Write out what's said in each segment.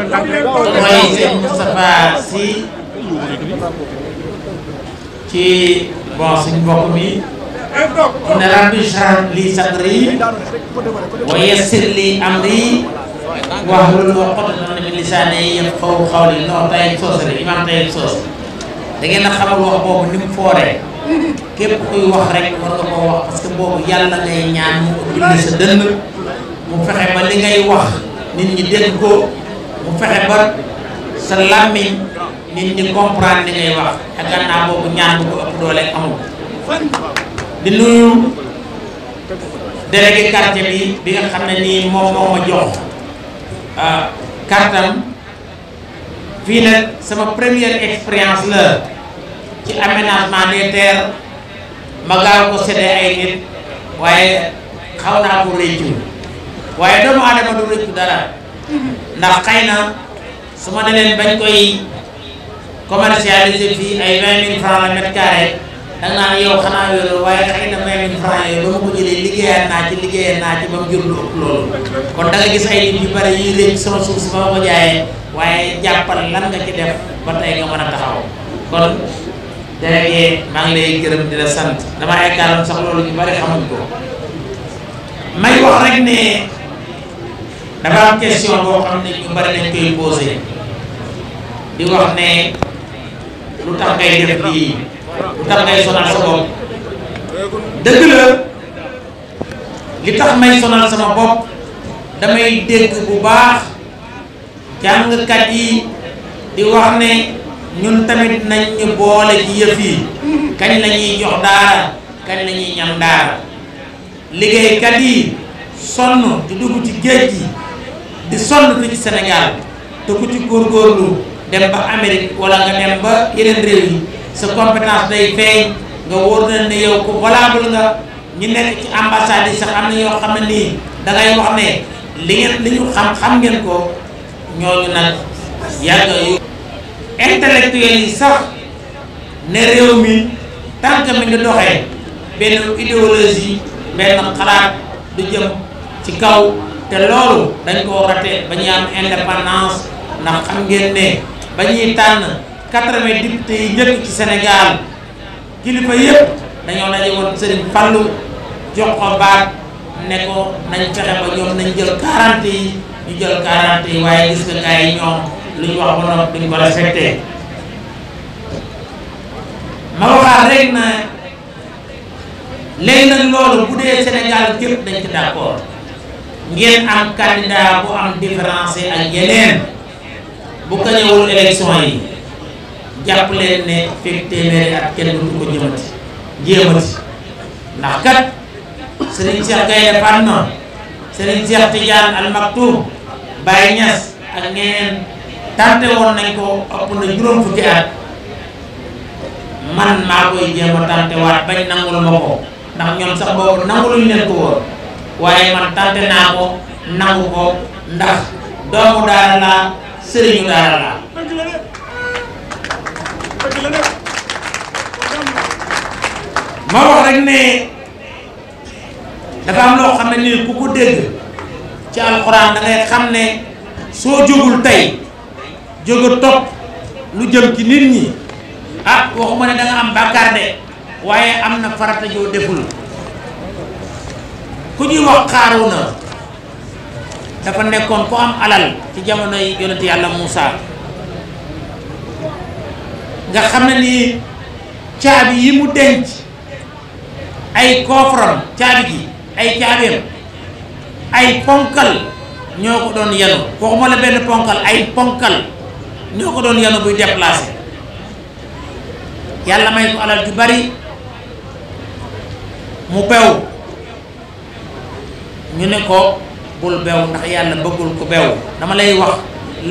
mooy sëñ Moustapha Sy ci bon suñ mbokk mi inna rabbi shrah li sadri wa yassir li amri wahlul uqdatan min lisaani yafqahu qawli non tayib soose rek imaam tayib soose da ngeen a wax boobu ni mu fooree képp kuy wax rek war nga koo wax parce boobu yàlla ngay ñaan mu ubbi sa dënn mu fexe ba li ngay wax nit ñi dégg ko mu fexe ba sa làmmiñ nit ñi comprendre li ngay wax te gannaaw boobu ñaan bu ko ëpp doole amul di nuyu délégué quartier bi bi nga xam ne nii moom moo ma jox ah, kartam fii nag sama première expérience la ci aménagement des terres ma ko séddee ay nit waaye xaw naa ko réccu waaye doomu aadama du réccu dara ndax xëy na su ma ne bañ koy commercialiser fii ay vingt mille francs la mètre carré danga naan yow xanaa wéeru waaye xëy na vingt mille francs yooyu ba ma ko jëlee liggéeyaan naa ci liggéeyaan naa ci ba jur lu ëpp loolu kon da gis ay nit yu bari yuy récc sama suuf si ma ko waaye jàppal lan nga ci def ba tey nga mën a taxaw kon délégué maa ngi sant dama yaakaaroon sax loolu ñu bari xamuñ ko may wax rek ne dafa am question boo xam ne ñu bari nañ koy posé di wax ne lu tax ngay def lii lu tax ngay sonal sa bopp dëgg la li tax may sonal sama bopp damay dégg bu baax jàngkat yi di wax ne ñun tamit nañ ñu boole ci yëf yi kañ la jox daara kañ la ñuy ñam daara liggéeykat yi sonn di dugg ci géej gi di sol fi ci Sénégal te ku ci góorgóorlu dem ba Amérique wala nga dem ba yeneen réew yi sa compétence day feeñ nga wóor na ne yow ku valable nga ñu nekk ci ambassade yi sax am na yoo xam ne nii da ngay wax ne li ngeen li ñu xam xam ngeen ko ñooñu nag yàgg yu intellectuel yi sax ne réew mi tànk mi ngi doxee benn idéologie benn xalaat du jëm ci kaw te loolu dañ ko war a teel ba ñuy am indépendance ndax xam tànn quatre-vingts députés yi njëkk ci Sénégal kilifa yëpp dañoo daje woon Serigne Fallou jox ko baat nañ fexe ba nañ jël quarante ñu jël quarante yi waaye gis nga gars yi ñoom lu ñu wax ba noppi duñ ko respecté ma waxaat rek na léegi nag loolu bu dee Sénégal képp dañ ci d'accord ngeen am candidat bu am différence ak yeneen bu ko ñewul élection yi japp leen ne fekk téeméeri ak kenn du ko jëmati jëmati ndax kat Serigne Cheikh Gaynde fanno Serigne Cheikh Tidiane Al Maktoum Baye ñass ak ngeen tanté won nañ ko ëpp na juroom fukki at man ma koy jéem tanté waat bañ nangul mako ndax ñom sax nangul ñu leen ko woon waaye man tànte naa ko nangu ko ndax doomu daara laa sëriñu daara laa ma wax rek ne dafa am loo xam ne nii ku ko dégg ci alxuraan da xam ne soo jógul tey jóg topp lu jëm ci nit ñi ah waxuma ne da am bàkkaar de waaye am na farata joo deful ku ñuy wax Xaaruuna dafa nekkoon ku am alal ci jamono jamonoy yonent yàlla Moussa nga xam ne nii caabi yi mu denc ay koofram caabi ji ay caabeem ay ponkal ñoo ko doon yenu waxuma la benn ponkal ay ponkal ñoo ko doon yenu buy déplacé yàlla may ko alal ju bari mu bew ñu ne ko bul bew ndax yàlla bëggul ku bew dama lay wax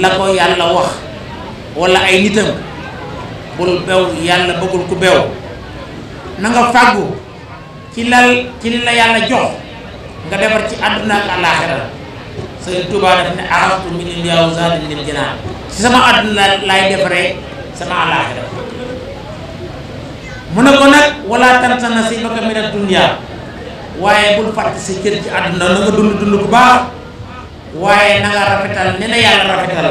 la ko yàlla wax walla ay nitam bul bew yàlla bëggul ku bew na nga fàggu ci lal ci li la yàlla jox nga defar ci àdduna ak àllaaxira sëriñ Tuubaa daf ne axastu min al yaaw zaadin lil janaan ci sama àdduna laay defaree sama àllaaxira mu ne ko nag wala tansa nasiibaka mina dunya waaye bul fàtte sa cër ci àdduna na nga dund dund bu baax waaye na rafetal ne na yàlla rafetal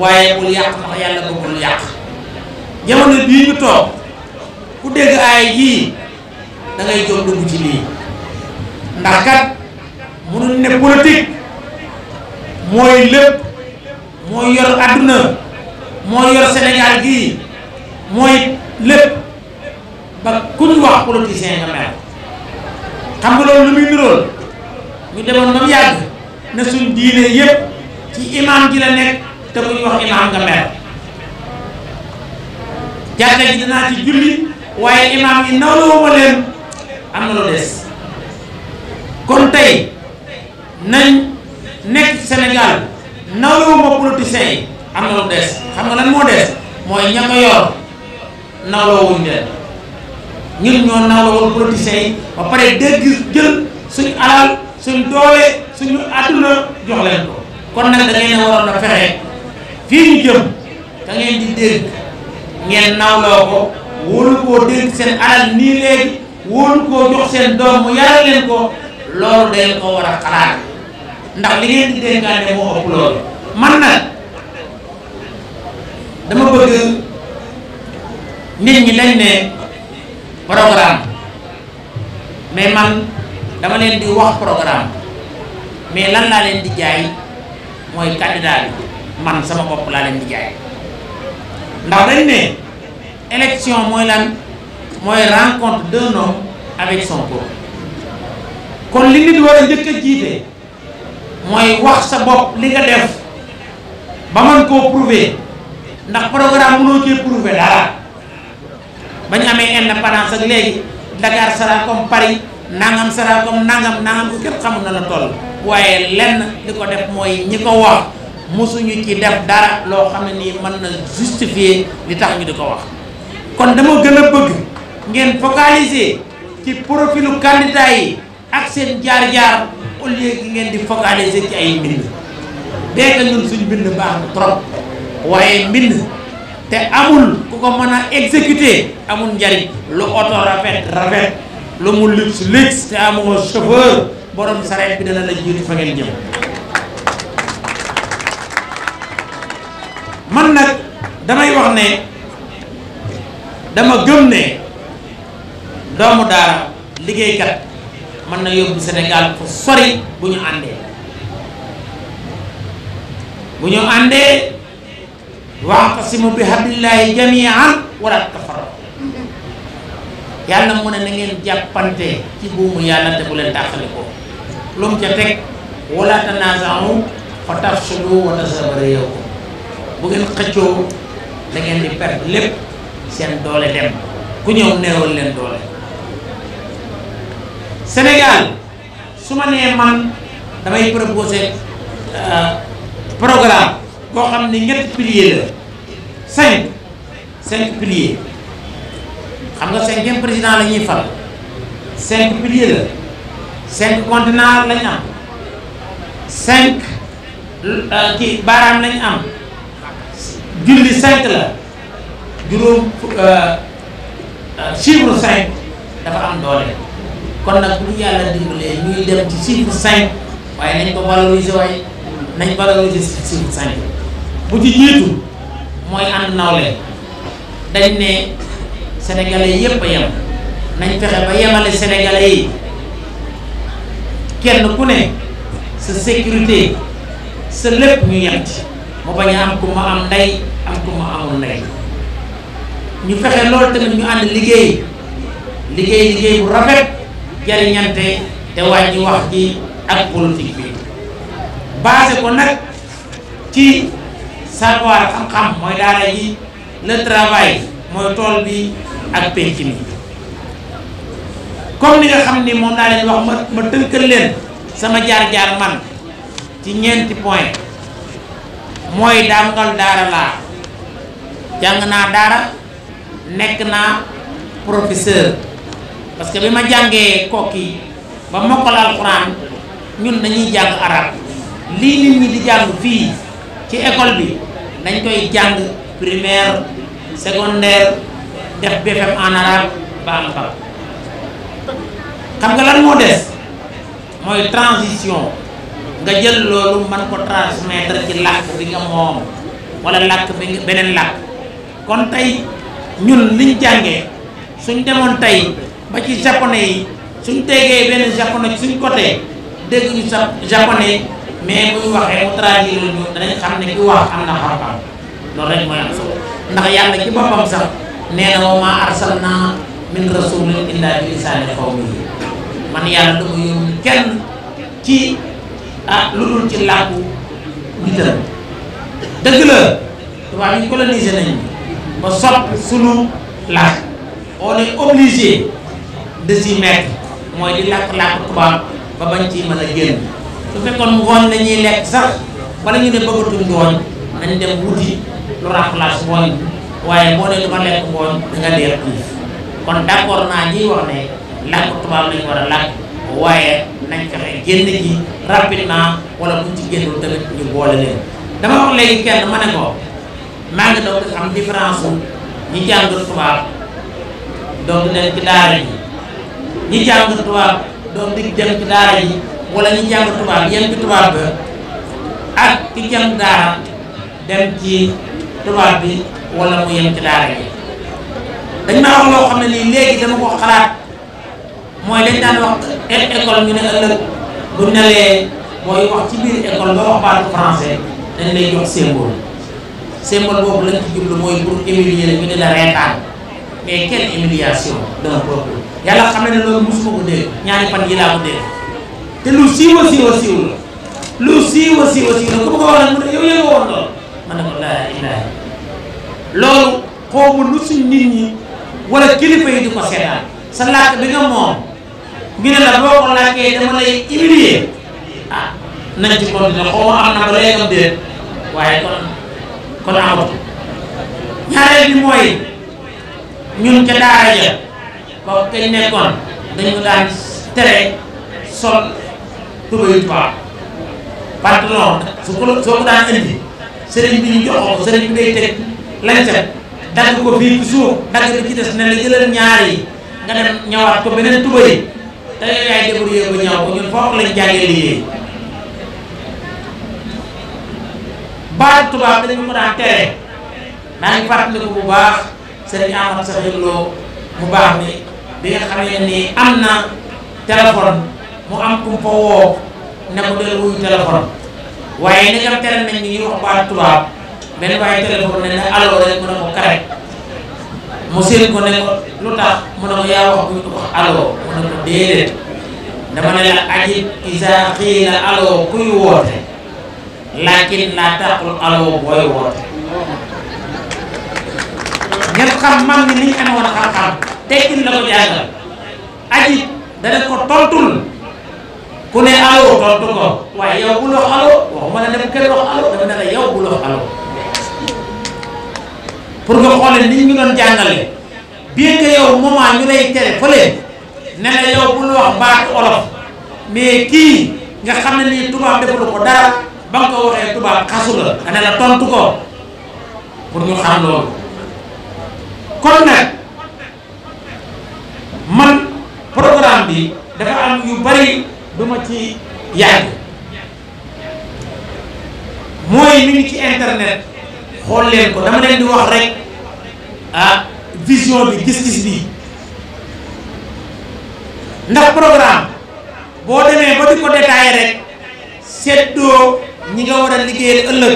waaye bul yàq ndax yàlla bëggul yàq jamono bii ñu toog ku dégg aay yii da ngay dugg ci lii ndax kat mënul ne politique mooy lépp mooy yor àdduna mooy yor Sénégal gii mooy lépp ba ku ñu wax politicien nga mel xam nga loolu lu muy niroon ñu demoon ba mu yàgg na suñ diine yépp ci imaam ji la nekk te bu ñu wax imaam nga mer jàkka ji dinaa ci julli waaye imaam yi nawloo ma leen am na lu des kon tey nañ nekk senegaal nawloo ma politiciens yi am na lu des xam nga lan moo des mooy ña ko yor ñun ñoo naaloon politiciens yi ba pare dégg jël suñu alal suñu doole suñ àdduna jox leen ko kon nag da ngeen a waroon a fexe fii ñu jëm da ngeen di dégg ngeen nawloo ko wóolu koo dégg seen alal nii léegi wóolu koo jox seen doom mu yar leen ko loolu dañ ko war a xalaat ndax li ngeen di dénkaane moo ëpp loolu man nag dama bëgg nit ñi lañ ne programme mais man dama leen di wax programme mais lan laa leen di jaay mooy candidat bi man sama bopp laa leen di jaay ndax dañ ne élection mooy lan mooy rencontre d'un homme avec son kon li nit war a njëkk a jiite mooy wax sa bopp li nga def ba man koo prouver ndax programme mënoo cee prouver dara bañ amé indépendance ak légui Dakar sera comme Paris nangam sera comme nangam nangam ko képp xamna la toll waaye lenn diko def moy ñiko wax musuñu ci def dara lo xam ni man na justifier li tax ñu diko wax kon dama gëna bëgg ngeen focaliser ci profilu candidat yi ak seen jaar-jaar au lieu que ngeen di focaliser ci ay bind dee ñun suñu bind baax trop waaye bind te amul ku ko mën a exécuter amul njariñ lu oto rafet rafet lu mu luxe luxe te amoo chauffeur borom sareet bi dana la jiitu fa ngeen jëm man nag damay wax ne dama gëm ne doomu daara liggéeykat mën na yóbbu Sénégal fu sori bu ñu àndee bu ñu àndee waxtasimu bi hablillahi jamian wala tafarraqu yàlla mu ne na ngeen jàppante ci buumu yàlla te bu leen tàqali ko lu mu ca teg wala tanaza'u fa tafsulu wa tazhaba bu ngeen xëccoo da di perte lépp seen doole dem ku ñëw neewal leen doole Sénégal su ma nee man damay proposé euh, programme boo xam ne ñett pilier la cinq cinq pilier xam nga cinquième président la ñuy fal cinq pilier la cinq continent lañ am cinq euh, baaraam lañ am julli cinq la juróom euh, euh, chiffre cinq dafa am doole kon nag bu yàlla dimbalee ñuy dem ci chiffre cinq waaye nañ ko valoriser waaye nañ valoriser chiffre cinq bu ci jiitu mooy ànd nawle dañ ne sénégalais yépp a yem nañ fexe ba yemale sénégalais kenn ku ne sa sécurité sa lépp ñu yem ci mu bañ a am ku ma am ndey am ku ma amul ndey ñu fexe loolu tamit ñu ànd liggéey liggéey liggéey bu rafet jariñante te wàññi wax ji ak politique bi basé ko nag ci savoir ak xam-xam mooy daara yi le travail mooy tool bi ak penc mi comme li nga xam ni moom laa leen wax ma ma tënkal leen sama jaar-jaar man ci ñeenti point mooy dàngal daara laa jàng naa daara nekk naa professeur parce que bi ma jàngee kokki ba mokkal alxuraan ñun dañuy jàng arab lii nit ñi di jàng fii ci école bi nañ koy jàng primaire secondaire def BFM en arabe ba am xam nga lan moo des mooy transition nga jël loolu man ko transmettre ci làkk bi nga moom wala làkk bi nga beneen làkk kon tey ñun liñ jànge suñ demoon tey ba ci japonais yi suñ tegee benn japonais suñ côté dégg ñu sa japonais mais bu ñu waxee mu traduire la ñun danañ xam ne ki wax am na xam-xam loolu rek mooy am solo ndax yàlla ci boppam sax nee na wa maa arsalnaa min rasulin illaa bi lisaani man yàlla dama yónni kenn ci ah lu dul ci làkku nitam dëgg la tubaab yi colonisé nañu ba sopp sunu làkk on est obligé de mooy di làkk làkk tubaab ba bañ ci mën a génn. su fekkoon ngooñ la ñuy lekk sax wala ñu ne bëggatuñ ngooñ nañ dem wuti lu remplace ngooñ waaye boo ne du ma lekk ngooñ da nga leer xiif kon d'accord naa ñuy wax ne làkk tubaab lañ war a làkk waaye nañ fexe génn ji rapidement wala buñ ci génnul tamit ñu boole leen dama wax léegi kenn ma ne ko maa ngi doog di am différence wu ñi jàng tubaab doog di dem ci daara ji ñi jàng tubaab doog di dem ci daara ji wala ñu jàng tubaab yem ci tubaab ba ak ki jàng daara dem ci tubaab bi wala mu yem ci daara bi dañ maa wax loo xam ne lii léegi dama ko xalaat mooy dañ daan wax école ñu ne ëllëg bu nelee booy wax ci biir école ba wax baatu français dañ lay jox symbole symbole boobu lañ ci jublu mooy pour humilier la ñu ne la reetaan mais quelle humiliation d'un peuple yàlla xam ne ne loolu mosuma ko dégg ñaari fan yi laa ko dégg te lu siiw a siiw a siiw la lu siiw a siiw a siiw la ma ko waxee mu ne yow yaa ngi woon lool ma ne ko laa ilaaha loolu xoomu lu suñ nit ñi wala kilifa yi di ko seetaan sa làkk bi nga moom ñu ne la boo ko làkkee dama lay humilier ah nañ ci kon dina xaw ma am ko léegam kon kon amatu daan tere sol tubéy tubaab pantalon su ko soo ko daan indi sëriñ bi ñu joxoo ko sëriñ bi day teg lancet dagg ko fii ci suuf dagg bi ci des ne la jëlal ñaar yi nga dem ñëwaat ko beneen tubéy te yooyu yaay débrouillé ba ñëw ko ñun ko daan tere maa ngi fàttaliku bu baax sëriñ Amar Saxir mu baax mi bi nga xamee ni am na téléphone mu am kum fa wo ne ko del wuyu telephone waye ni nga tere nañ ni ñuy wax baat tubaab benn waaye téléphone ne ne allo rek mu ne ko kare mu seen ko ne ko lutax tax mu ne ko yaa wax bu ñu ko wax allo mu ne ko dede dama ne la ajib iza khila allo kuy wote lakin la taqul allo boy wote ngeen xam mag ni niñ amoon xam-xam teggin la ko jangal ajib dana ko tontul ku ne allo tontu ko waaye yow bu lox allo waxuma la dem kenn wax allo dama ne la bu lox allo pour nga xoolee ni ñu doon jàngale bien que yow moment ñu lay tere fële ne la yow bul wax olof mais kii nga xam ne nii tubaab defalu ko dara ba nga ko waxee tubaab xasu la la tontu ko pour ñu xam loolu kon nag man programme bi dafa am yu bari du ma ci yàgg mooy mi ngi ci internet xool leen ko dama leen di wax rek ah vision bi gis-gis bi ndax programme boo demee ba di ko détaillé rek seddoo ñi nga war a liggéeyal ëllëg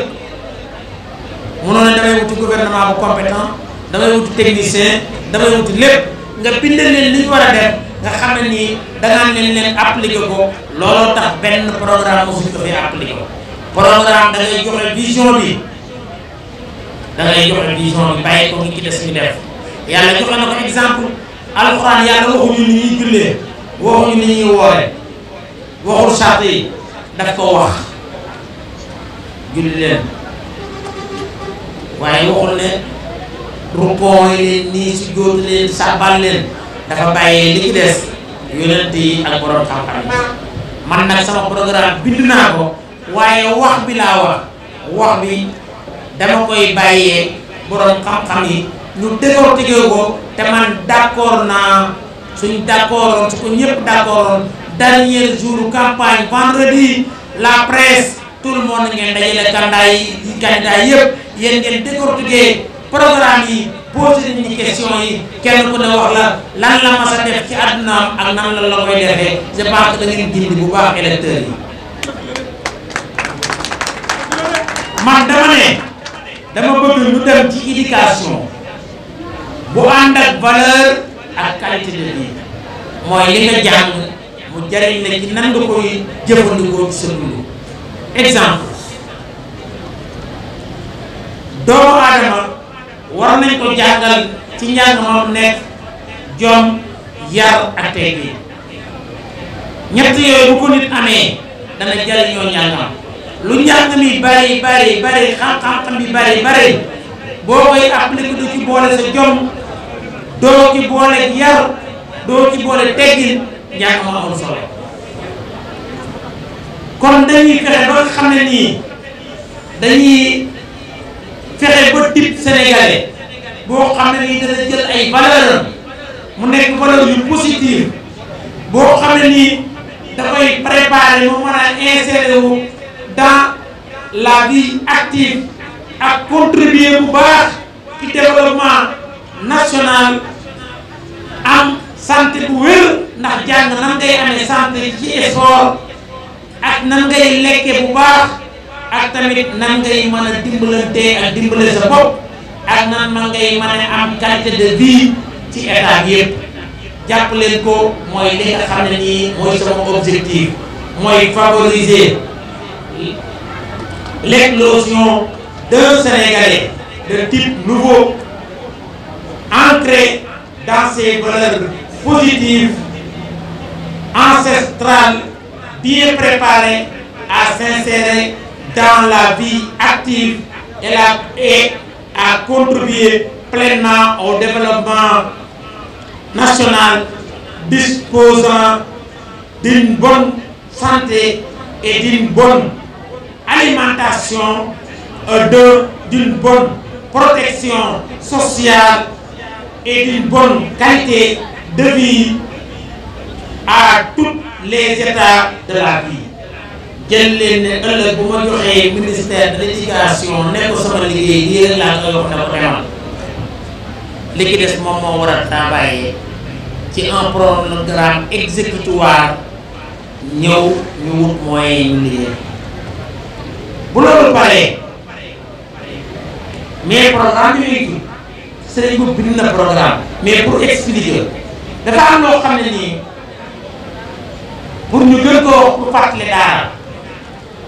mënoo ne damay wuti gouvernement bu compétent damay wuti technicien damay wuti lépp nga bindal leen li ñu war a def nga xam ne nii danaan leen leen appliqué ko looloo tax benn programme mosuñ ko fi appliqué ko programme da ngay joxe vision bi da ngay joxe vision bi bàyyi ko ngi ci des ñu def yàlla joxe na ko exemple alxuraan yàlla waxuñu ni ñuy jullee waxuñu ni ñuy woore waxul sart yi daf ko wax julli leen waaye waxul ne rukkoo leen nii si jóot leen sàbbal leen dafa bàyyi li ci des yonent yi ak borom xam-xam man nag sama programme bind naa ko waaye wax bi laa wax wax bi dama koy bàyyee borom xam-xam yi ñu décortiquer ko te man d'accord naa suñ d'accordoon su ko ñëpp d'accordoon dernier jour campagne vendredi la presse tout le monde ngeen dajale yi candidat yëpp yéen ngeen décortiquer programme yi posé nit ñi question yi kenn ku ne wax la lan la mas a def ci àddunaam ak nan la la koy defee je pense que da ngeen bu baax électeurs yi man dama ne dama bëgg ñu dem ci éducation bu ànd ak valeur ak qualité de vie mooy li nga jàng mu jariñ la ci nan nga koy jëfandikoo ci sa dund exemple doomu aadama war nañ ko jàngal ci njàng moom nekk jom yar ak teggin ñett yooyu bu ko nit amee dana jariñoo njàngam lu njàng mi bari bari bari xam-xam bi bari bari boo koy appliqué du ci boole sa jom doo ci boole yar doo ci boole teggin njàng moo amul solo kon dañuy fexe ba nga xam ne nii dañuy fexe ba type sénégalais boo xam ne nii dana jël ay valeur mu nekk valeur yu positive boo xam ne nii dafay préparer mu mën a insérer dans la vie active ak contribuer bu baax ci développement national am santé bu wér ndax jàng nan ngay amee santé ci effort ak nan ngay lekke bu baax ak tamit nan ngay mën a dimbalantee ak dimbale sa bopp ak nan ma ngay mën am qualité de vie ci état bi yëpp ko mooy li nga xam ne nii mooy sama objectif mooy favoriser l'éclosion d'un Sénégalais de type nouveau ancré dans ses valeurs bien préparé à s'insérer dans la vie active et, et à contribuer pleinement au développement national disposant d'une bonne santé et d'une bonne alimentation, euh, d'une bonne protection sociale et d'une bonne qualité de vie à tous les états de la vie. jël leen ne ëllëg bu ma joxee ministère de l'éducation nekk sama liggéey lii rek laa koy wax ne ko demal li ki des moom moo war a travailler ci un programme exécutoire ñëw ñu wut moyen ñu liggéey bu loolu paree mais programme yooyu sëriñ bu bind na programme mais pour expliquer dafa am loo xam ne nii pour ñu gën koo wax bu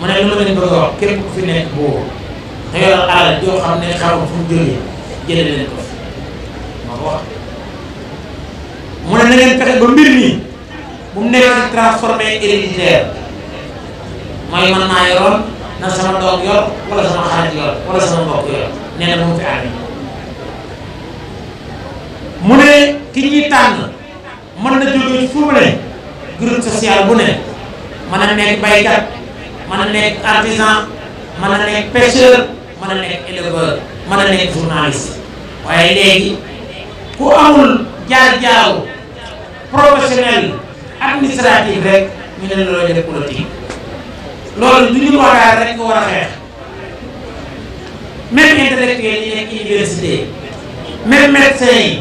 mu ne lu ma leen bëgg a wax fi nekk boobu te yor alal joo xam ne xamul fu jógee jëlee leen ko mu ne na ngeen ba mbir mi bu mu nekk transformé héréditaire mooy man maa yoroon na sama doom yor wala sama xarit yor wala sama mbokk yor nee mu fi amee mu ne ki ñuy tànn mën na jóge fu mu ne groupe social bu ne mën a nekk baykat man a nekk artisan man a nekk pêcheur man a nekk éleveur mën a nekk journaliste waaye léegi ku amul jaar-jaaru professionnel administratif rek ñu ne la looy loolu du ñu waxtaan rek nga war a xeex même université même médecin yi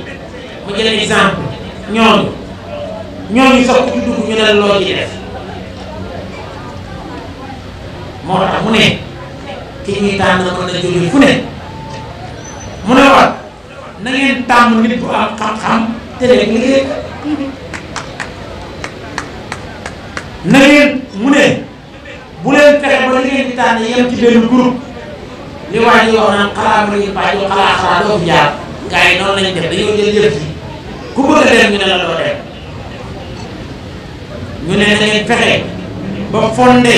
mu jël exemple ñooñu ñooñu sax ku ñu la loo moo tax mu ne ki ñuy tànn mën a jóge fu ne mu ne woon na ngeen tàmm nit bu am xam-xam te rek liggéey na ngeen mu ne bu leen fexe ba li ngeen di tànn yem ci benn groupe li waa ji wax naan xalaat ma ngi bàyyi xalaat xalaat doo fi jaar gars yi lañ def dañoo jël yëf yi ku bëgg dem ñu la doo dem ñu ne na ngeen fexe ba fondé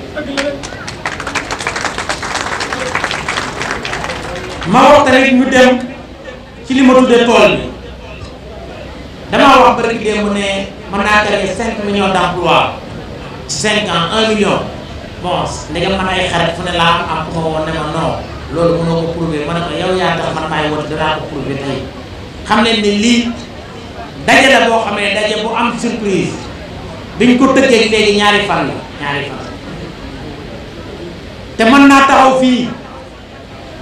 ma wax rek ñu dem ci li ma tuddee tool bi damaa wax barki démb ne mën naa créer cinq millions d'emplois ci cinq ans un million bon ndegam man ay xarit fu ne laa am am ku ma woon ne ma non loolu mënoo ko prouver ma ne ko yow yaa tax man maay woote danaa ko prouver tey xam leen ne lii daje la boo xam ne daje bu am surprise biñ ko tëggee léegi ñaari fan la ñaari fan te mën naa taxaw fii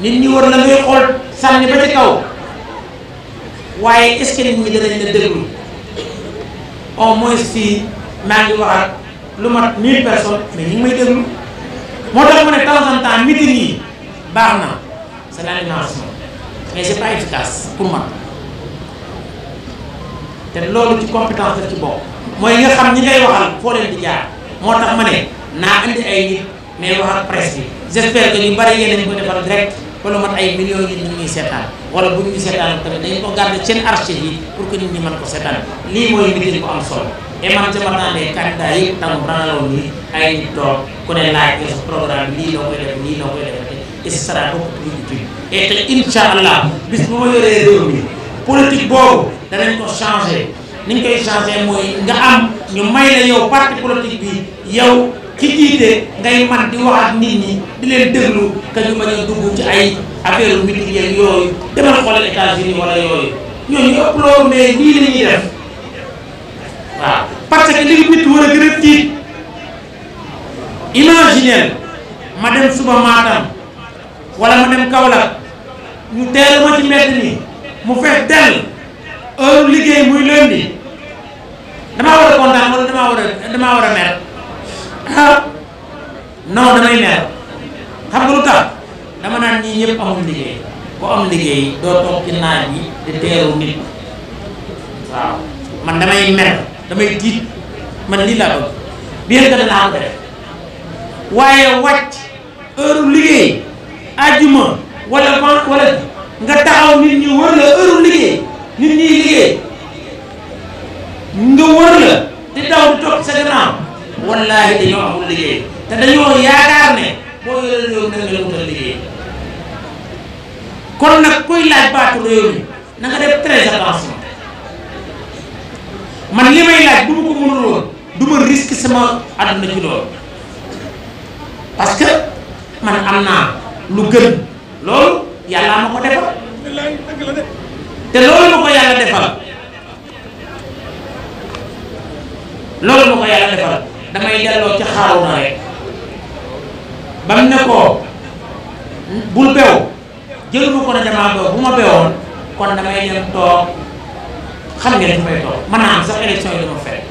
nit ñi war la ngay xool sànni ba ci kaw waaye est-ce que nit ñi danañ la déglu au maa ngi wax ak lu mat 1000 personnes mais ñu may déglu moo tax ma ne temps en temps yi baax na c'est l'animation mais c'est pas efficace pour man te loolu ci compétence la ci bokk mooy nga xam ñi lay waxal foo leen di jaar moo tax ma ne naa indi ay mais wax ak presse bi j'espère que ñu bari yéen ko defal direct ba lu ay millions yi ñu ñuy seetaan wala bu ñu ñu seetaan tamit dañu ko garder seen archive yi pour que nit ñi mën ko seetaan lii mooy meeting bu am solo et man ca mën naa ne yëpp tam ranaloon ni ay nit toog ku ne laaj sa programme lii loo koy def lii loo koy def et ce sera beaucoup plus utile et te incha allah bis bu ma yoree réew mi boobu danañ ko changé ni koy changé mooy nga am ñu may la yow parti politique bi ki jiite ngay man di wax ak nit ñi di leen déglu que ñu mën a dugg ci ay affaire meeting yeeg yooyu demal xoolal États-Unis wala yooyu ñooñu ëpp loolu mais nii la ñuy def waaw parce que li nit war a gën a tiit imaginer ma dem suba mu fees dell heure liggéey muy lundi damaa war a kontaan wala damaa war a damaa war a mer ah non damay mer xam nga lu tax dama naan ñii ñëpp amul liggéey bu am liggéey doo toog ci naaj bi di teeru nit waaw man damay mer damay tiit man lii laa bëgg bien que danaa am def waaye wàcc heure liggéey ajjuma wala ban wala nga taxaw nit ñi wër la heure liggéey nit ñi liggéey nga wër la te daw di topp sa gannaaw wallaahi dañoo amul liggéey te dañoo yaakaar ne boo yore réew mi da nga leen wutal liggéey kon nag kuy laaj baatu réew mi na nga def très attention man li may laaj bu ma ko mënul du ma risque sama àdduna ci loolu parce que man am naa lu gën loolu yàlla ma ko defal te loolu ma ko yàlla defal loolu ma ko yàlla defal damay delloo ci xaaruna rek bam ne ko bul bew jëluma ko ne damaa bew bu ma bewoon kon damay dem toog xam nga dañ fay toog mën naa am sax élection yi dama fekk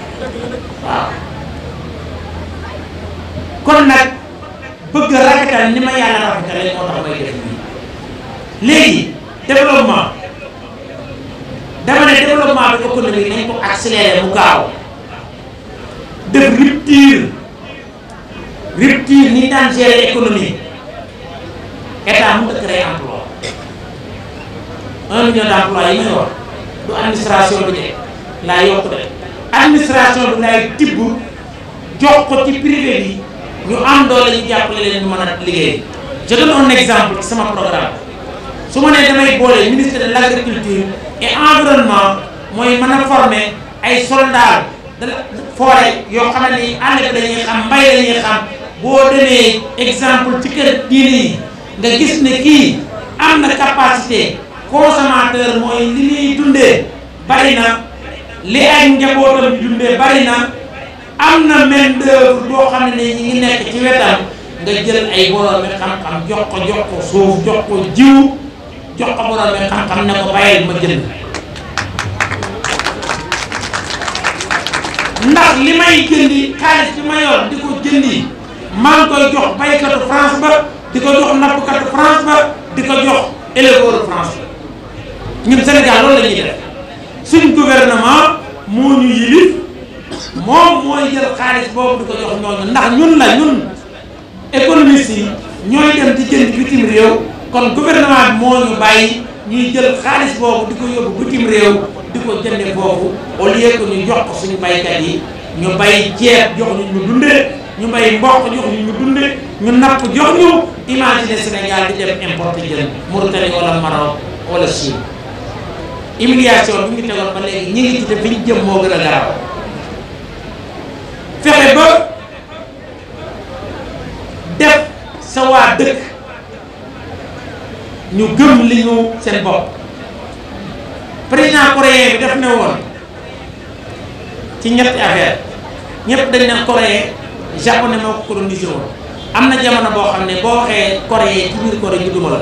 waaw kon nag bëgg rafetal ni ma yàlla rafetale moo tax may def nii léegi développement dama ne développement bi économique nañ ko accéléré mu gaaw def rupture rupture ni daan gérer économie état mun a créer emploi un million d'emploi yi may wax du administration bi de laa yokk de administration bi laay tibb jox ko ci privé bi ñu am doole ñu jàppale leen ñu mën a liggéey je donne un exemple ci sama programme su ma nee damay boole ministre de l' et environnement mooy mën a former ay soldats dana foore yoo xam ne ànd bi dañuy xam mbay dañuy xam boo demee exemple ci kër diine yi nga gis ne kii am na capacité consommateur mooy li ñuy dundee bari na li ay njabootam dundee bari na am na main d'œuvre boo xam ne ñi ngi nekk ci wetam nga jël ay boroomi xam-xam jox ko jox ko suuf jox ko jiw jox ko boroomi xam-xam ne ko bàyyil ma jënd ndax li may jëndi xaalis bi ma di ko jëndi maa ngi koy jox baykatu France ba di ko jox nappkatu France ba di ko jox éleveur France ba ñun Sénégal loolu la ñuy suñ gouvernement moo ñu yilif moom mooy jël xaalis boobu di ko jox ñooñu ndax ñun la ñun économistes yi ñooy dem di jënd bitim réew kon gouvernement bi moo ñu bàyyi ñuy jël xaalis boobu di ko yóbbu bitim réew di ko jënde foofu au lieu que ñu jox ko suñu baykat yi ñu bay ceeb jox ñu ñu dundee ñu bay mboq jox ñu ñu dundee ñu napp jox ñu imagine Sénégal di dem importe jën Mauritanie wala Maroc wala Chine humiliation bi ñu tegoon ba léegi ñi ngi ci te fi ñu jëm moo gën a garaaw fexe ba def sa waa dëkk ñu gëm li ñu seen bopp président coréen bi def ne woon ci ñetti affaire ñëpp dañ ne coréen japonais moo ko colonisé woon am na jamono boo xam ne boo waxee coréen ci biir Corée ñu duma la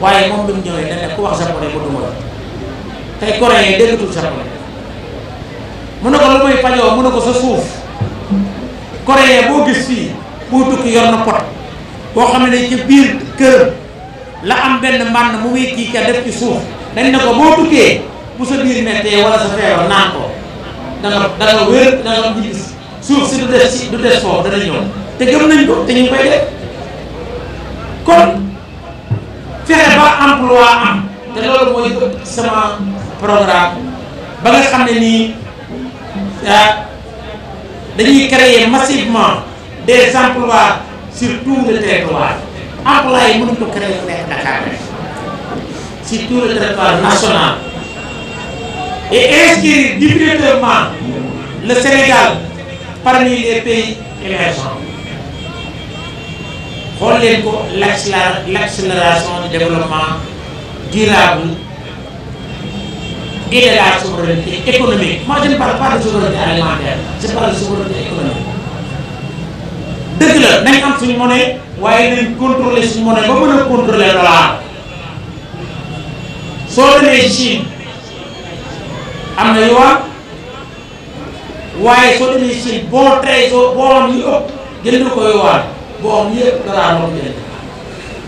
waaye moom bi mu ñëwee dañ ne ku wax japonais ba duma la tey coréen déggatul japonais mu ne ko lu muy fajoo mu ne ko sa suuf coréen boo gis fii boo tukki yor na pot boo xam ne ci biir kër la am benn mbànn mu wéy kii ka def ci suuf dañ ne ko boo tukkee bu sa biir méttee wala sa feebar naan ko da nga wér da suuf si du des si du des foofu dana ñëw te gëm nañ ko te ñu ngi koy def kon fexe ba emploi am te loolu mooy sama programme ba nga xam ne nii ah, dañuy créer massivement des emplois sur tout le territoire emploi yi mënuñ ko créer fu nekk Dakar rek sur tout le national. Et inscrire définitivement le Sénégal parmi les pays émergents. xool leen l'accélération du développement durable et de la souveraineté économique. Moi, je ne parle pas de souveraineté alimentaire, je parle de souveraineté économique. dëgg la nous avons une monnaie waaye nañ contrôler suñu monnaie ba mën a contrôler dollar. soo demee Chine am na yuan waaye soo demee Chine boo tey soo boo am ñu ëpp jënd ko yuan boo am ñu dollar moom jënd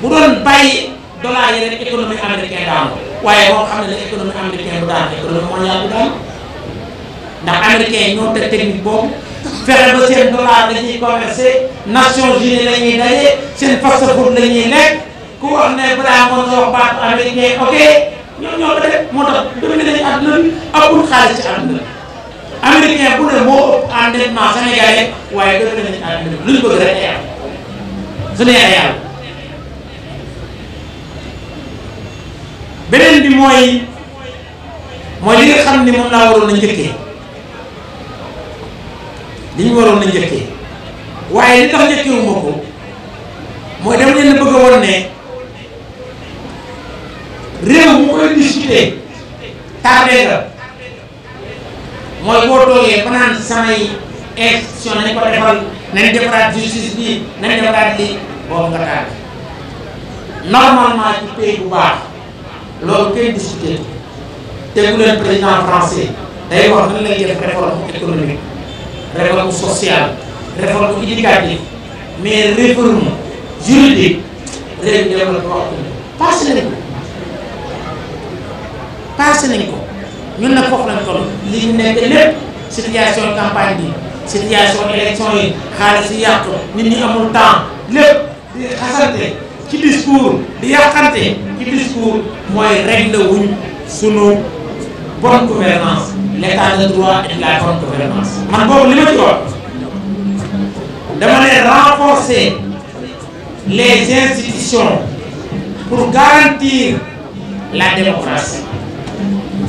bu doon bàyyi dollar yi rek économie américaine daanu waaye boo xam ne ne économie américaine du daan économie mondiale du daan ndax américain ñoo te technique boobu fexe ba seen dollar dañuy commercer Nations Unies la ñuy seen fast food la lekk ku wax ne balaa mën nga wax baatu américain ok ñoom ñoo dajale moo tax dama ne dañu àdduna bi amul xaalis ci àdduna bi américain bu ne moo ëpp endettement sénégalais waaye dama ne dañu àdduna bi luñ bëgg rek su ne ay am beneen bi mooy mooy li nga xam ni moom laa waroon na njëkkee li ñu waroon na njëkkee waaye li tax njëkkee wu ko mooy dama leen bëgg a ne réew mu koy discuter tardé nga mooy boo toogee ba naan samay institution nañ ko defal nañ defaraat justice bi nañ defaraat lii boobu nga tardé normalement ci pays bu baax loolu koy discuter tegu leen président français day wax nan lay def réforme économique réforme sociale réforme éducative mais réforme juridique réew développement passé nañ ko passé nañ ko ñun nag foofu lañ toll li situation campagne situation élection yi nit ñi amul temps ci discours di ci discours règle wuñ sunu bonne gouvernance l'état de droit et la bonne gouvernance man boobu li ma ci renforcer les institutions pour garantir la démocratie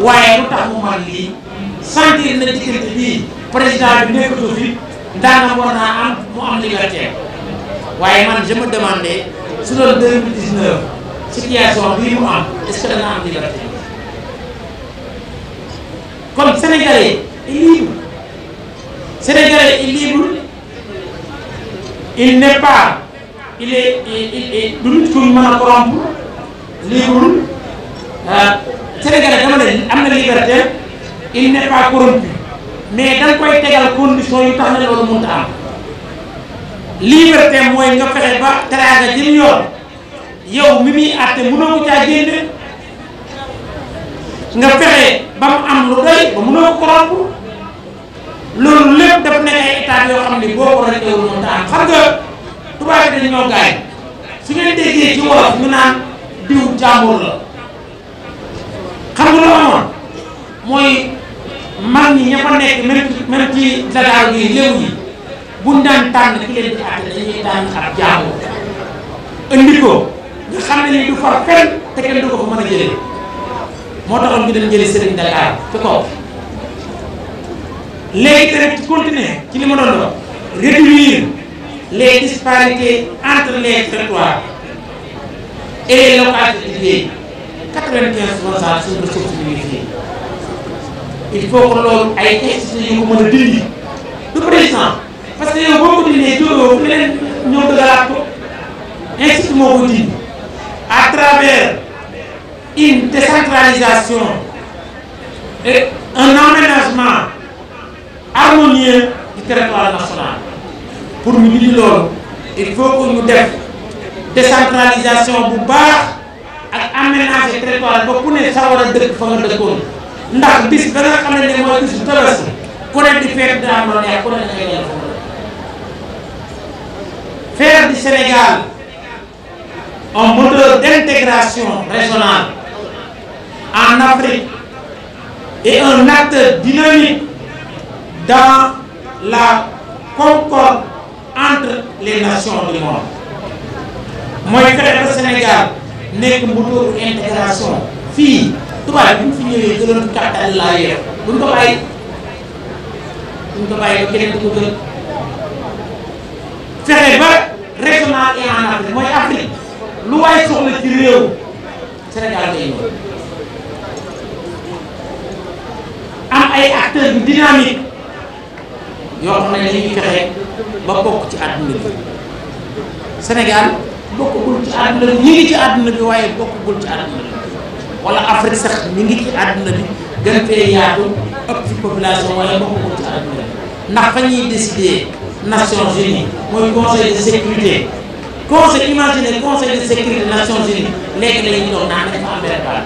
waaye lu tax mu man lii sentir na diggante bii président bi nekkatoo fi daanaka war naa am mu am liberté waaye man je me demandais su doon 2019 situation bii mu am est-ce que dana am liberté comme Sénégalais est libre Sénégalais est libre il il est il est du nit ku ñu mën a corrompre sëriñ am na liberté il n'est pas corrompu mais dañ koy tegal condition yu tax ne loolu mënut a am liberté mooy nga fexe ba teraanga jël yoon yow mi muy àtte mënoo ko caa génne nga fexe ba mu am lu doy ba mënoo ko corrompre loolu lépp daf nekk ay état yoo xam ne boo ko réglé wul mënut a am xam nga tubaab yi ñoo gaañ su ngeen déggee ci wolof ñu naan diw jàmbur la. xam nga loo amoon mooy mag ñi ña fa nekk même même ci Dakar gi léew yi buñ daan tànn ki leen di àtte dañuy daan ab jaamu indi nga xam ne ni du far fenn te kenn du fa mën a moo taxoon ñu dem jëli Serigne Dakar ci kaw léegi te rek continuer ci li ma doon wax réduire les disparités entre les territoires et quatre-vingt-quinze pour cent suñu ressource il faut que ay textes yu ko mën a dindi du président parce que yow boo ko dindee jógoo ku leen ñëw dëgalaat ko institut moo ko dindi à travers une décentralisation et un aménagement harmonieux du territoire national pour ñu dindi loolu il faut que ñu def décentralisation bu baax ak aménager territoire ba ku ne sa war a ndax bis ba nga xam ne ne mooy bisu tabaski ku ne di feer dina am loo neex ku ne Sénégal un moteur d'intégration régionale en Afrique et un acteur dynamique dans la concorde entre les nations du monde mooy fexe ba Sénégal nekk moteur intégration fii tubaab bi ñu fi ñëwee gënoon kàttan laa yor bu ñu ko bàyyi bu ko bàyyi ba keneen di gën fexe ba règlement et Afrique mooy Afrique lu waay soxla ci réew Sénégal day ñëw am ay acteurs yu dynamique yoo xam ne dañuy fexe ba bokk ci àdduna bi Sénégal. bokkagul ci àdduna bi ñu ngi ci àdduna bi waaye bokkagul ci àdduna bi wala Afrique sax ñu ngi ci àdduna bi gën fee yaatu ëpp fi population wala bokkagul ci àdduna bi ndax fa ñuy décider Nations Unies mooy conseil de sécurité conseil imaginez conseil de sécurité Nations Unies léegi la ñu doon naan dafa am benn baat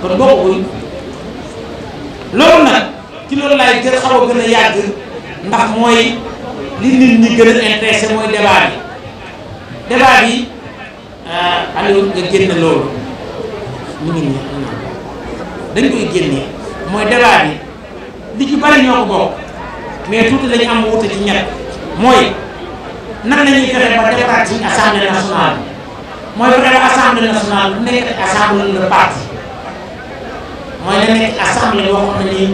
kon bokkagul loolu nag ci loolu laay gën xaw a gën a yàgg ndax mooy li nit ñi gën a intéressé mooy débat bi. débat bi euh, Aliou nga génn loolu mu ngi nii dañ koy génnee mooy débat bi li ci bari ñoo ko bokk mais tuuti lañu am wuute ci ñett mooy nan la ñuy ba débat ci assemblée nationale mooy fexe ba assemblée nationale bu nekk assemblée de nekk assemblée boo xam ne nii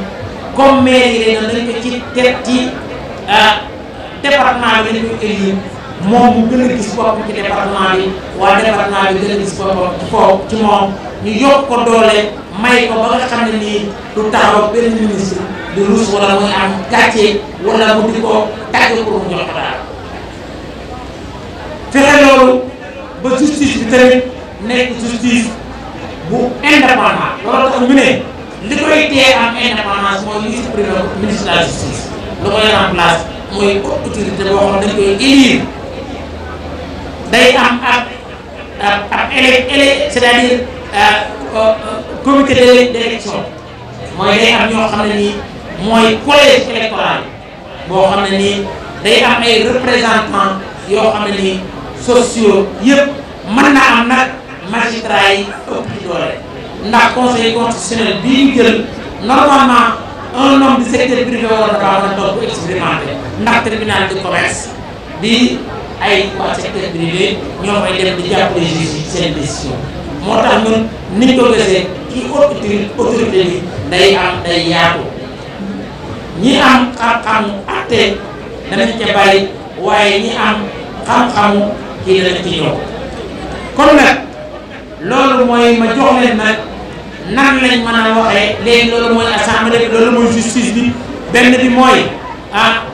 comme moom mu gën a gis boppam ci département bi waa département bi gën a gis boppam ci kaw moom ñu yokk ko doole may ko ba nga xam ne nii du taxaw benn ministre di ruus wala muy am gàcce wala mu di ko tàgge pour mu jox daal. fexe loolu ba justice bi tamit nekk justice bu indépendant loolu tax ñu ne li koy tee am indépendance mooy li supprimer ministre de justice lu koy remplace mooy autorité boo xam dañ koy élire. day am ab ab ele élé c'est-à-dire euh, euh, comité d'élection mooy day am ñoo xam ne nii mooy collège électoral boo xam ne nii day am ay représentants yoo xam ne nii sociaux yëpp mën naa am nag magistrat yi ëpp ci doole ndax conseil constitutionnel bii ñu jël normalement un homme du secteur privé war na baax na toog bu expérimenté ndax tribunal de commerce bi ay waa secteur privé ñoo may dem di jàppale juge yi seen décision moo tax ñun niñ ko gisee kii autorité autorité bi day am day yaatu ñi am xam-xamu atte danañ ca bari waaye ñi am xam-xamu kii danañ ci ñëw kon nag loolu mooy ma jox leen nag nan lañ a waxee léegi loolu mooy assemblée loolu mooy justice bi benn bi mooy ah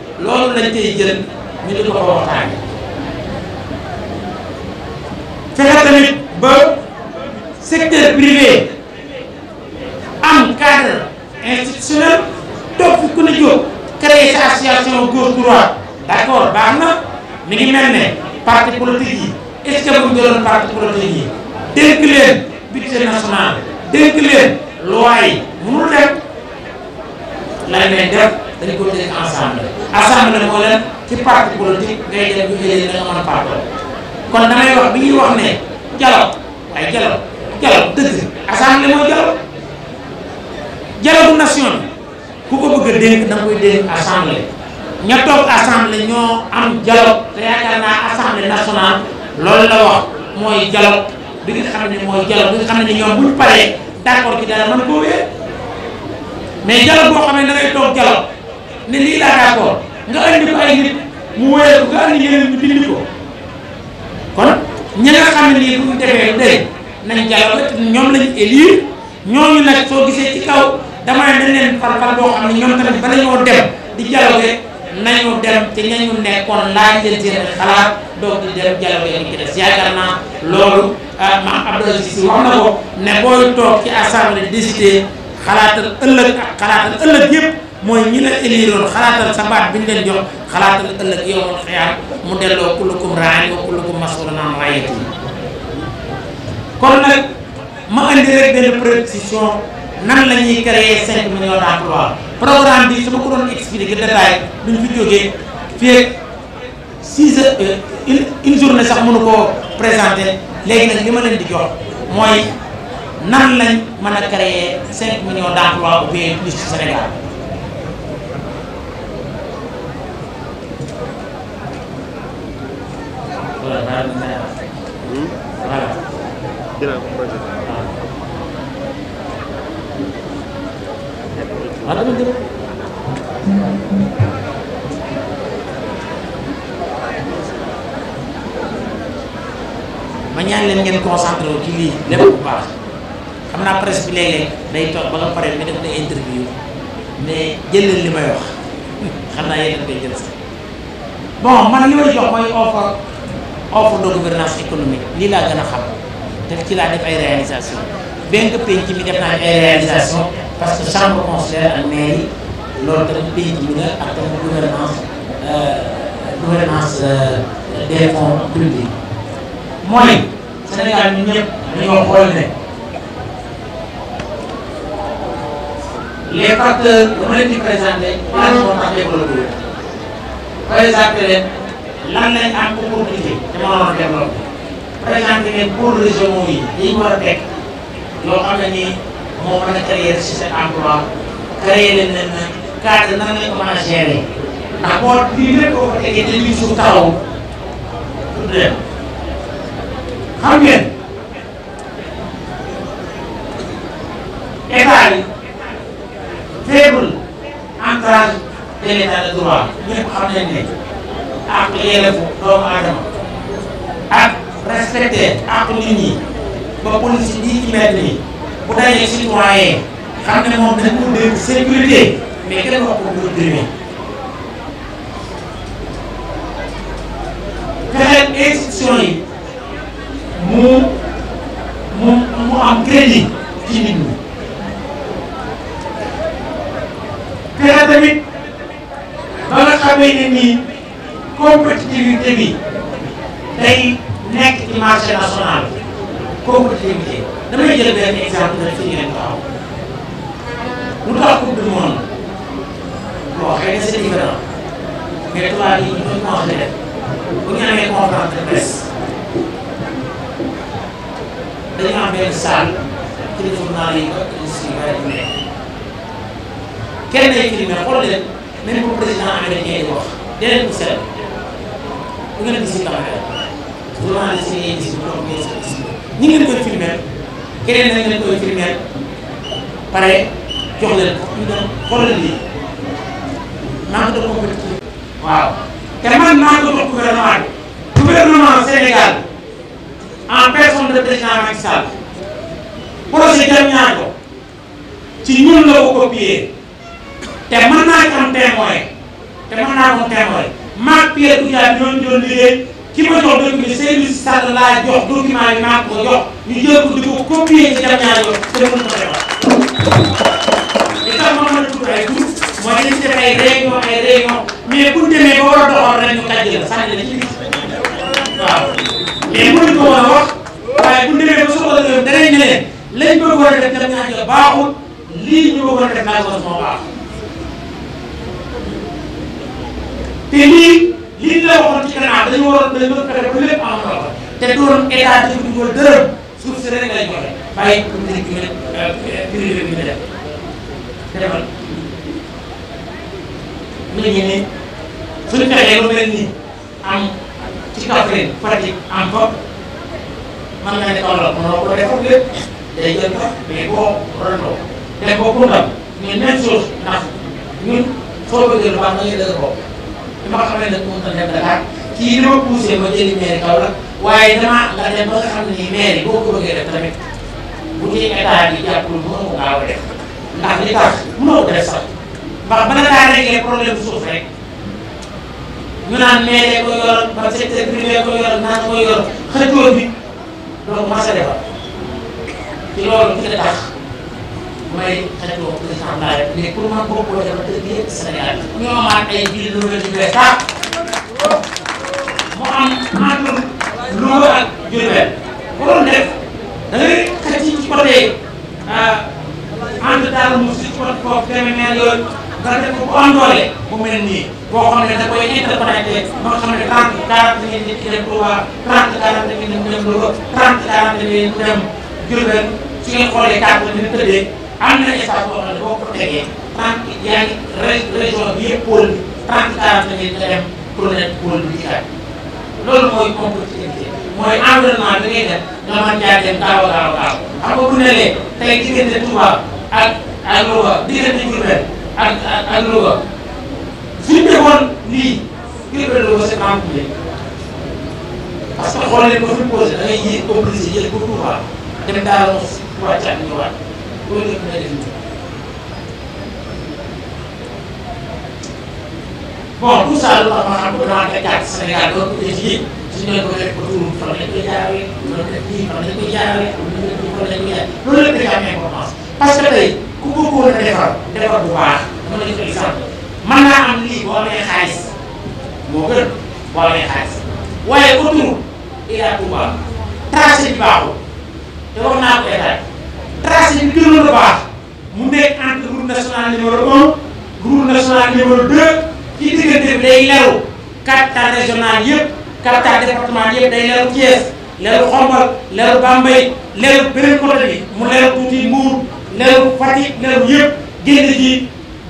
loolu lañ tey jël ñu di ko ko waxtaane tamit ba secteur privé am cadre institutionnel topp ku ne jóg créer sa association góor droit d'accord baax na mi ngi mel ne parti politique yi est-ce que bu parti politique yi dénk leen budget national dénk leen loi yi mënul dem lan leen def dañ ko dénk ensemble assemblée mooy lan ci parti ngay dem bu jëlee da nga mën a partool kon damay wax bi ñuy wax ne dialogue waaye dialogue dialogue dëgg assemblée mooy dialogue dialogue nation a dénk da nga koy xam ne mooy dialogue bi nga xam ne ñoom bu paree d'accord ci dara mën koo mais dialogue boo xam ne da toog dialogue ne lii laa d'accord nga andi ko ay nit mu wéyal ko nga andi yeneen ñu dindi ko kon ñi xam ne nii bu ñu defee nañ jàllale te ñoom lañ élire ñooñu nag soo gisee ci kaw damay nañ leen farfar boo xam ne ñoom tamit ba lañoo dem di jàllale nañu dem ci ñañu nekkoon laaj leen seen xalaat doog di dem jàllale ñu ci des yaakaar naa loolu ah, maam Abdou Aziz Sy wax na ko ne booy toog ci assemblée décidé xalaatal ëllëg ak xalaatal ëllëg yëpp. mooy ñi la éliroon xalaatal sa baat bi ñu leen jox xalaatal ëllëg yowmal xiyaam mu delloo kullukum raa'in wa kullukum mas'uulun an ra'iyyatihi kon nag ma andi rek benn précision nan la ñuy créer 5 millions d'emplois programme bi su ma ko doon expliquer détail duñ fi jógee fii ak 6 heures euh, une une journée sax mënu koo présenter léegi nag li ma leen di jox mooy nan lañ mën a créer 5 millions d'emplois ou bien plus ci Sénégal. Ada mungkin. ma ñaan leen ngeen concentré wu ci lii lépp bu baax xam naa presse interview ne jël leen li may wax xam naa yéen koy bon man li may jox offre de gouvernance économique lii laa gën a xam def ci laa def ay réalisation benn penc mi def naa ay réalisation parce que chambre consulaire ak mairie loolu tamit penc mi la ak tamit gouvernance euh, gouvernance euh, des fonds publics mooy Sénégal ñun ñëpp dañoo xool ne les facteurs dama leen di présenté lan moo tax développé présenté leen lan lañ am ko pour privé dama war a développé par exemple yi yi ñu war a teg loo xam ne nii moo mën a créer si seen emploi créer leen leen na cadre nan lañ ko mën a gérer ndax boo lii lépp boo ko tegee te lii suuf taxaw tudd leen xam ngeen état bi faible ancrage de ak yelleefu doomu aadama ak respecté ak nit ñi ba police bii ci mel nii bu dajee citoyen xam ne moom dañ ko dégg sécurité mais kenn wax ko bu jëmee. fexe institution yi mu mu mu am crédit ci nit ñi fexe tamit ba nga xamee ne nii. compétitivité bi day nekk ci marché national compétitivité damay jël benn exemple rek ci ngeen taxaw lu tax coupe du monde bon xëy na c'est différent mais tubaab yi ñu doon commencé def bu ñu amee conférence de presse dañu am benn salle ci les journaux yi ak industrie bari ñu nekk kenn day filmé xool leen même bu ngeen a gis ci caméra vraiment da cee gis bu doon gis gis ñi ngeen koy filmé keneen na ngeen koy filmé pare jox leen ñu doon xoolal lii manque de compétitivité waaw te man maa ngi doon gouvernement bi gouvernement Sénégal en personne de président Macky Sall projet Diamniadio ci ñun la ko copié te mën naa ci am te mën naa ko témoin maag Pierre Goudiaby ñooñu doon liggéey ki ma jox document bi Seydou Sall laa jox document yi maa ko ko di ko copier ci jam yoon te mën ko defar. li tax ma mën mooy dañu def ay réunion ay réunion mais bu demee ba war a ñu kàjj la sànni la ci biir waaw mais mënuñu ko woon a wax waaye bu ba soxla yoon danañ ne leen lañ te lii lii la waxoon ci gànnaaw dañu waroon dañu doon fexe ba lépp am solo te doon état dafa dugal dërëm suuf si rek lañ joxe bàyyi ko nit ñi privé bi ñu euh, euh, def defal ñu ngi nii suñu fexee lu mel nii am ci Kaffrine Fatick am fa mën naa ne Kaolack mënoo ko defal lépp day jël ndox day boo rëndoo dem ba Koungheul lu baax nga ñuy dëgg bopp ma ko xamee ne mënut a dem Dakar kii li ma poussé ma jëli mairie kaw la waaye damaa la dem ba nga xam ne mairie boo ko bëggee def tamit bu ci état bi jàppul mënoo ko gaaw a def ndax li tax mënoo ko def sax ndax mën na daa réglé problème suuf rek ñu naan mairie ko yoroon ba secteur privé ko naan ko yoroon xëccoo bi doo ko mas a defar ci loolu dina may xajoo président Abdoulaye rek mais pour man boo ko defal dëgg yëpp Sénégal ñoo maag ay biir loolu la ñu koy tax mu am maanaam loolu ak Diourbel ku doon def da ngay xaj ci côté mu si ci côté foofu demee mel yooyu nga ko bu am doole bu nii boo xam ne da koy interconnecté ba nga ne trente quarante mille nit ki dem Touba trente quarante mille mu dem Louga trente quarante mille mu dem Diourbel su ngeen xoolee kàddu dina am na espace boo xam ne boo ko tegee trente yaa ngi région bi yëpp pôle bi trente quarante mille nga dem pour nekk pôle bi ci loolu mooy compétitivité mooy environnement bi ngay def nga mën caa dem daaw a daaw daaw xam nga bu ne lee tey diggante Touba ak ak Louga diggante Diourbel ak ak ak Louga suñu defoon lii Diourbel Louga c'est compliqué parce que xool leen ba fi mu posé da ngay yéeg obligé yéeg ba Touba dem daal moom si wàccaat ñu waat. loolu yëpp day def bon tout ça lu tax ma xam ko dama koy jaar ci Sénégal doon ko ci yëpp suñu doon ko def ko tuuru fan lañ koy jaaree doon def kii fan lañ koy jaaree fan lañ koy jaaree loolu lépp dafa am importance parce que tey ku bëggoon a defar defar bu baax dama la jox exemple mën naa am lii boo amee xaalis moo gën boo amee xaalis waaye autoroute Ila Touba tracé bi baaxul te wax naa ko état tracé bi gënoon a baax mu nekk entre route nationale numéro un route nationale numéro deux bi day leru capital régional yëpp capital départemental yëpp day leru Thiès leru Xombal leru Bambey leru beneen côté mu leru tuuti Mbour leru Fatick leru yëpp génn ji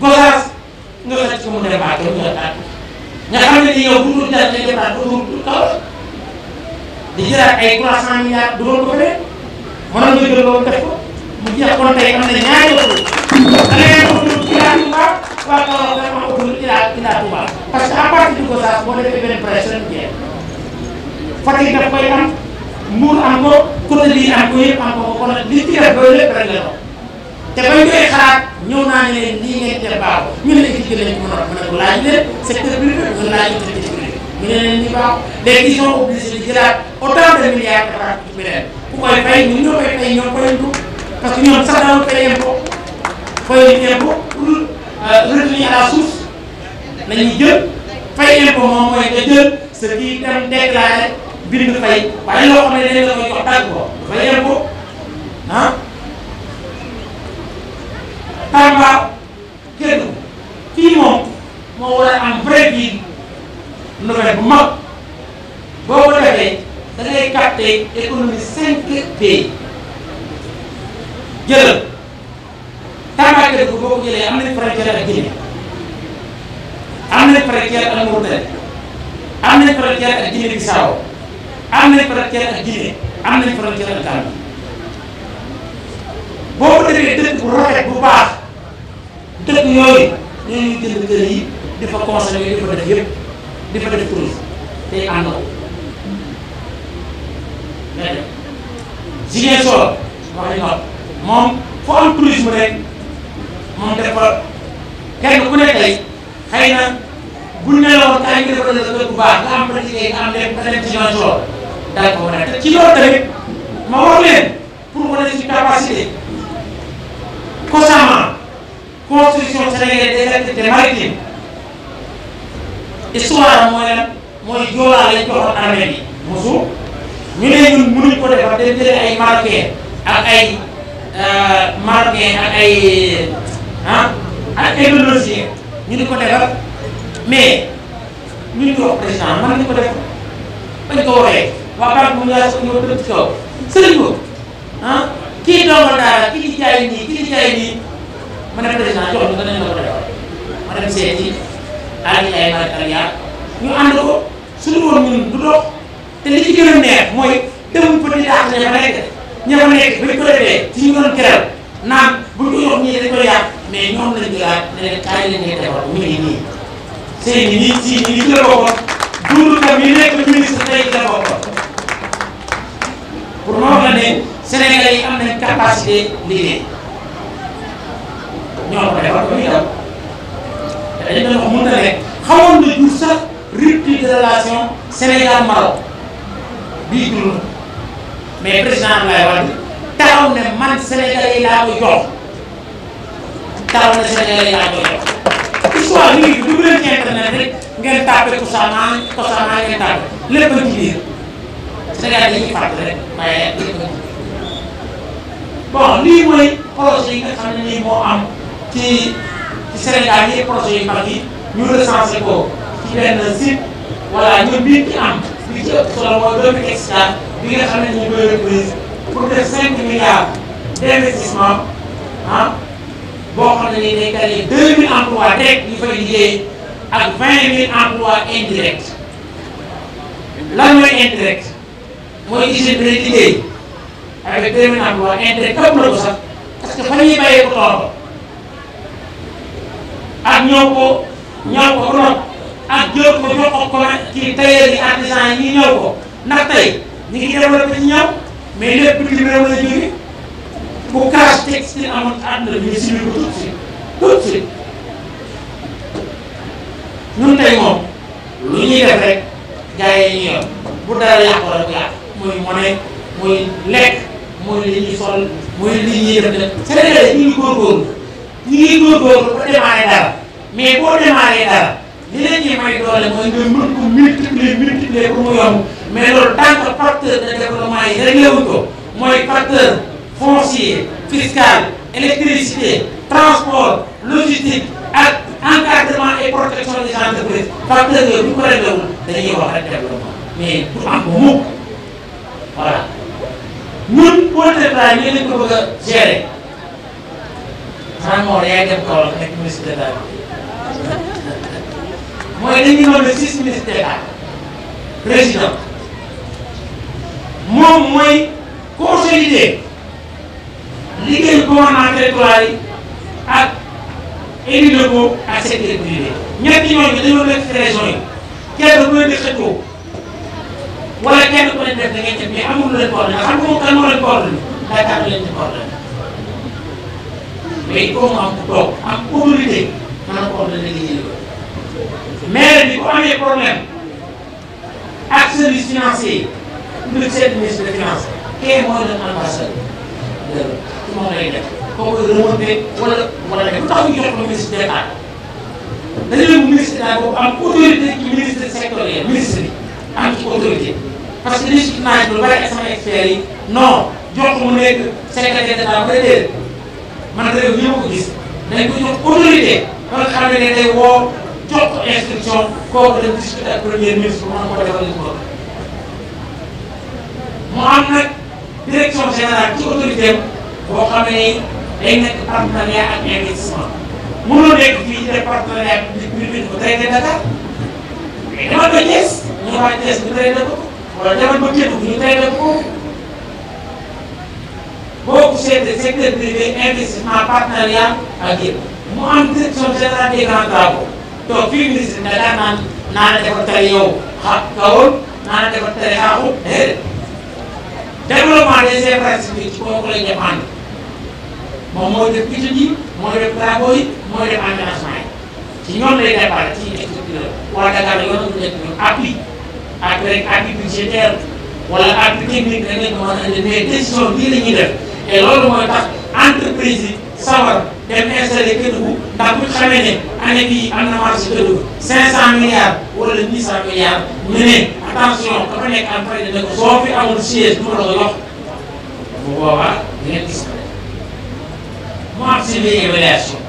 Gosaas nga xaj ko mu day defar ba du kaw di jëlaat ay 300 milliards du loolu ko fa dee mënoon nga jël loolu bu jeex kon tey am na ñaari waxtu dangay waxtu Ila Touba wala nga waxtu Ila Ila Touba parce que à partir de Gossas boo defee benn presse rek jeex Fatick daf koy am Mbour am ko côté lii am ko yëpp am ko kon li ci def loolu lépp rek la ko te bañ koy xalaat ñëw naa ne leen lii ngeen def baaxul ñu ne équipe lañ ko mën a mën ko laaj leen secteur ñu laaj ñu ne ñu ne leen ñu baax léegi ils sont obligés di jëlaat autant parce que ñoom sax daawul fay impôt fay ñu impôt pour euh, retenir à jël fay impôt moom mooy nga jël sa kii dem déclaré bind fay waaye loo xam ne dañ la koy jox ko fay impôt ah. Tamba kenn kii moom moo war a am vrai mag boo ko defee da ngay capter économie jëlal Tambacounda boo ko jëlee am nañ frontière ak Guinée am nañ frontière ak Mauritanie am nañ frontière ak Guinée Bissau am nañ frontière ak Guinée am nañ frontière ak Gambie boo ko defee dëkk bu rafet bu baax dëkk yooyu ñooñu jënd kër yi di fa consommer di fa def yëpp di fa def tourisme tey ànd ko nga jigéen solo moom fu am tourisme rek moom dafa kenn ku ne tey xëy na bu ne la woon kaay nga defal la dëkk bu baax nga am pratiqué nga am lépp nga dem ci yoon lool daal ko mën a te ci loolu tamit ma wax leen pour mën a suñu capacité constamment constitution sénégalaise des activités maritimes histoire am mooy lan mooy joolaa lañ joxoon armée bi mosu ñu ne ñun mënuñ ko defar dem jëlee ay Marocains ak ay Euh, marocain ak ay ah ak indonésien ñu di ko defal mais ñu ngi ko wax président mën nañu ko def bañ ko waxee waa banque mondiale ñoo dëkk ci kaw sëriñ ko ah kii doomu daara kii di jaay nii kii di jaay nii ma ne président jox ñu ko nañ la ko defal ma dem seeti aali ay maratariat ñu ànd ko suñu woon ñun du dox te li ci gën a neex mooy dem petit daax ne ma ña fa nekk bu ñu ko defee ci ñu doon teral naan bu ñu ko yokk ñii dañ koy yàq mais ñoom lañ jëlaat ne leen kaay leen ngeen defal mu ngi nii. sëy bi nii sii nii ci la bokkoon dund tam yi nekk ministre tey ci la bokkoon pour ma wax la ne Sénégalais yi am nañ capacité liggéey ñoo ko defal ba muy daw te dañu doon wax mënta nekk xamoon na jur sax rupture de relation Sénégal Maroc bii dund. mais président Abdoulaye Wade taxaw ne man Sénégalais yi laa ko jox taxaw ne Sénégalais yi laa ko jox. histoire mi ngi dugg leen ci internet rek ngeen tàppe Kousama Kousama ngeen tàppe lépp a ci biir Sénégal dañuy fàttali rek waaye bon lii mooy projet yi nga xam ne nii moo am ci ci Sénégal yi projet yu mag yi ñu recensé ko ci benn site voilà ñun biir ci am. sur ci ëpp de mooy doomu Excaf bi nga niveau de reprise pour des 5 milliards d'investissements hein, ah boo xam ne nii day créé 2000 emplois direct, yu fay liggéey ak 20000 emplois indirects lan mooy indirect mooy usine bi lay liggéey avec 2000 emplois indirect comme nous ko parce que fa ñuy pas ko tool ak ñoo ko ñoo ak jël ko jox ko ci tailleur yi artisan yi ñëw ko ndax tey ñu ngi développé ci ñaw mais lépp li réew la jógee bu casse textile amoon bi ñu subi ko tout de suite tout de suite ñun tey moom lu ñuy def rek gars yi ñu yor bu dara yàqoo rek yàq muy monnaie muy lekk muy li ñuy sol muy li ñuy def def Sénégalais ñu ngi góorgóorlu ñu ngi góorgóorlu ba démarrer dara mais boo démarrer dara. li leen ñuy may doole mooy nga mën ko multiplier multiplier pour mu yomb mais loolu tant que facteur de développement yi réglé wuñ ko mooy facteur foncier fiscal électricité transport logistique ak encadrement et protection des entreprises facteurs yooyu bu ñu ko réglé wul dañuy wax rek développement mais du am ba mukk voilà ñun projet Tra ñu lañ ko bëgg a gérer. Fane Mor yaay dem Kaolack nekk ministre de la mooy dañu nommé six ministres d'État président moom mooy consolider liggéeyu gouvernement territorial yi ak élus locaux ak secteur privé ñetti ñooñu dañoo nekk région yi kenn ku leen di xëccoo wala kenn ku leen def da ngay def mais amul lu leen coordonné xam nga moom kan moo leen coordonné Dakar leen di coordonné mais il faut mu am ku toog am autorité mën a coordonné liggéey maire bi bu amee problème ak service financier yi mu def seen ministre de finance kee mooy doon ambassadeur dëgg ci moom lay def kooku remonté wala wala la def tax ñu jox ko ministre de l'État dañu leen ministre d'État boobu am autorité ci ministre sectoriel ministre am ci autorité parce que naaj lu bari ak sama experts yi non jox ko mu nekk secrétaire d'État man réew ñi ma ko gis dañ ko jox autorité ba nga xam ne day jox ko instruction kooku dem discuter premier ministre mu am ko defal li mu bëgg mu am nag direction générale ci autorité am boo xam ne day nekk partenariat ak investissement mënoo nekk fii def partenariat bi bi bi ko traité Dakar mais demal ba Thiès ñu waa Thiès ñu traité ko wala demal ba Kédougou ñu traité ko boo ko seetee secteur privé investissement partenariat ak yëpp mu am direction générale toog fii ministre nga daan naan naa la defar tali yow xa kawoon naa la defar tali xaaxu déedéet développement des infrastructures ci kooku lay dépendre moom mooy def études yi mooy def travaux yi mooy def aménagement yi ci ñoom lay dépendre ci structure waa Dakar la yoon nañu nekk ñoom appui ak rek appui budgétaire wala appui technique rek lañ ko mën a indi mais décision bii la ñuy def et loolu mooy entreprise sawar dem installé Kédougou ndax bu ñu xamee ne année bii am na marché Kédougou 500 milliards wala 800 milliards ñu ne attention dafa nekk en fait ne ko soo fi amul siège du ma la ko jox bu boobaa di ngeen mu am suivi évaluation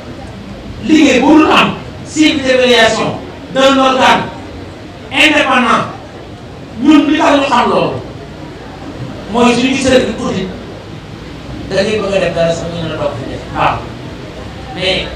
liggéey bu dul am suivi évaluation d'un organe indépendant ñun li tax ñu xam mooy suñu gisal bi tuuti da ngay bëgg a def dara sax ñu ne la toog 好，你。